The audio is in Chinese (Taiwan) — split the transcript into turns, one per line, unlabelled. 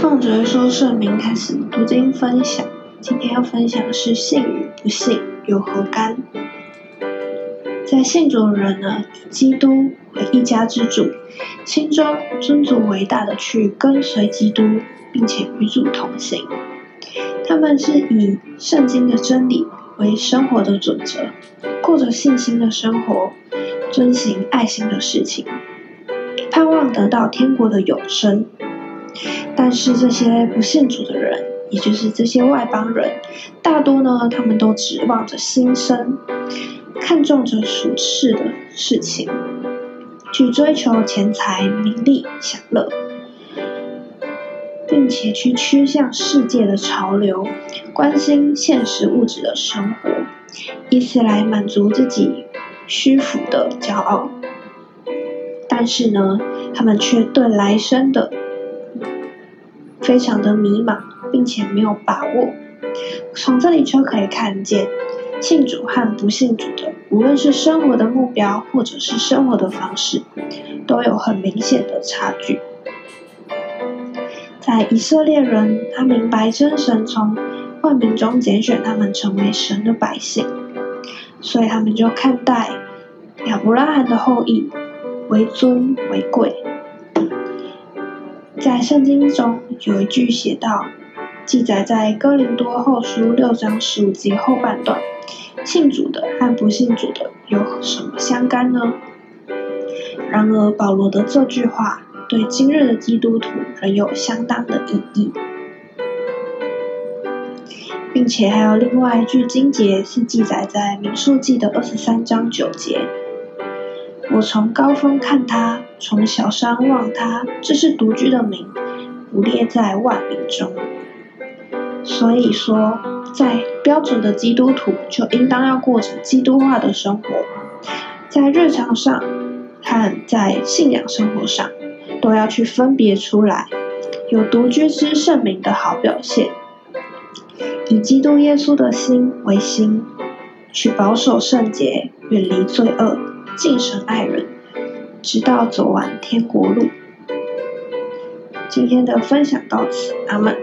奉主耶穌聖名開始讀經分享。今天要分享的是“信與不信有何干？”在信主的人呢，以基督為一家之主，心中尊主為大的，去跟隨基督，並且與主同行。他們是以聖經的真理為生活的準則，過着信心的生活，遵行愛心的事情，盼望得到天國的永生。但是這些不信主的人，也就是這些外邦人，大多呢，他們都指望着今生，看重着屬世的事情，去追求錢財、名利、享樂，並且去趨向世界的潮流，關心現實物質的生活，以此來滿足自己虛浮的驕傲。但是呢，他們卻對來生的，非常的迷茫，並且沒有把握。從這裡就可以看見，信主和不信主的，無論是生活的目標，或者是生活的方式，都有很明顯的差距。在以色列人，他明白真神從萬民中揀選他們成為神的百姓，所以他們就看待亞伯拉罕的後裔為尊為貴。在聖經中有一句寫道，記載在哥林多後書六章十五節後半段。信主的和不信主的有什麼相干呢？然而保羅的這句話對今日的基督徒仍有相當的意義，並且還有另外一句經節是記載在民數記的二十三章九節。我從高峰看他。從小山望他，這是獨居的民，不列在萬民中。所以說，在標準的基督徒就應當要過着基督化的生活，在日常上和在信仰生活上，都要去分別出來，有獨居之聖民的好表現，以基督耶穌的心為心，去保守聖潔，遠離罪惡，敬神愛人。直到走完天國路，今天的分享到此，阿門。